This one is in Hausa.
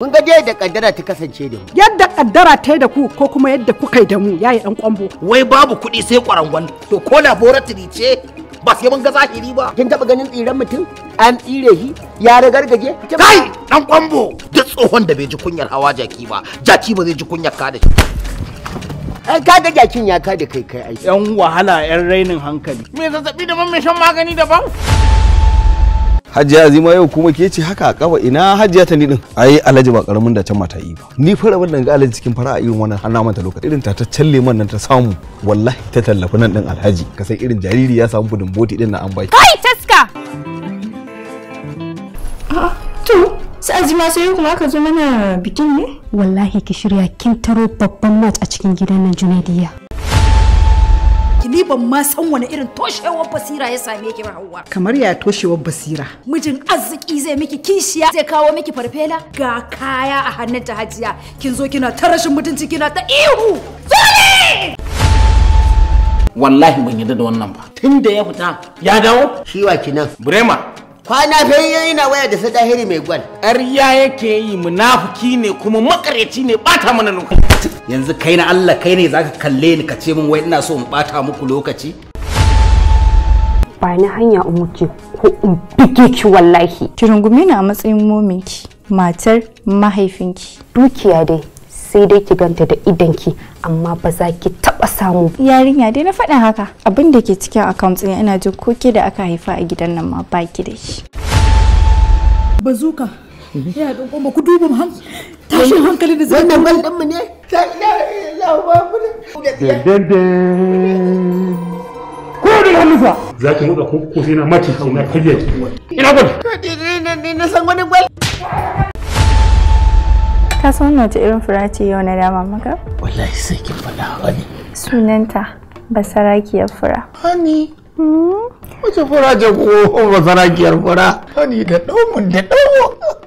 Kun ga da kaddara ta kasance da mu. Yadda kaddara ta da ku ko kuma yadda kuka yi da mu yayi dan kwambo. Wai babu kuɗi sai kwarangwan. To ko laboratory ce ba sai mun ga zahiri ba. Kin taba ganin tsiran mutum an tsire shi ya ragargaje. Kai dan kwambo duk tsohon da bai ji kunyar hawa jaki ba. Jaki ba zai ji kunyar ka da shi. An ka ga jakin ya ka da kai kai ai. Yan wahala yan rainin hankali. Me zazzabi da daban mai shan magani daban. hajiya azima yau kuma ke ce haka a kafa ina hajiya ta nidin a ai alhaji ba karamin da can mata yi ba ni fara ban ga alhaji cikin fara a irin wannan har ta lokacin. lokaci irin ta ta challe man nan ta samu wallahi ta tallafi nan din alhaji ka san irin jariri ya samu budin boti din na an bai kai taska to sai azima sai kuma aka zo mana bikin ne wallahi ki shirya kin taro babban mat a cikin gidan nan ni ban ma san wani irin toshewar basira ya same ki ba Hauwa. Kamar ya toshewar basira. Mijin arziki zai miki kishiya zai kawo miki farfela ga kaya a hannun ta hajiya kin zo kina ta rashin mutunci kina ta ihu. Zuri! Wallahi ban yarda da wannan ba. Tun da ya fita ya dawo. Shi wa kinan. Burema. kwana yi na waya da sadahiri dahiri mai gwal ƙarya yake yi munafuki ne kuma makareci ne bata mana lokaci yanzu kai na Allah kai ne zaka kalle ni ka ce min wai ina so in bata muku lokaci ba ni hanya in wuce ko in ki wallahi ki rungume ni a matsayin mominki matar mahaifinki dukiya dai sai dai ki ganta da idanki amma ba za ki taba samu yarinya dai na faɗa haka abin da ke cikin account ɗin ina jin ko ke da aka haifa a gidan nan ma ba ki da shi bazuka ya don kuma ku duba han tashin hankali da zai wannan baldan mu ne ta ila ila wa ko da hannufa za ki muka ko sai na mace na karya ina gwal ka san wani gwal ka san wannan irin fura ce yau na dama maka wallahi sai ki fada hani sunanta basarakiyar fura hani hmm? wace fura ce ko basarakiyar fura hani da ɗaumun da ɗaumun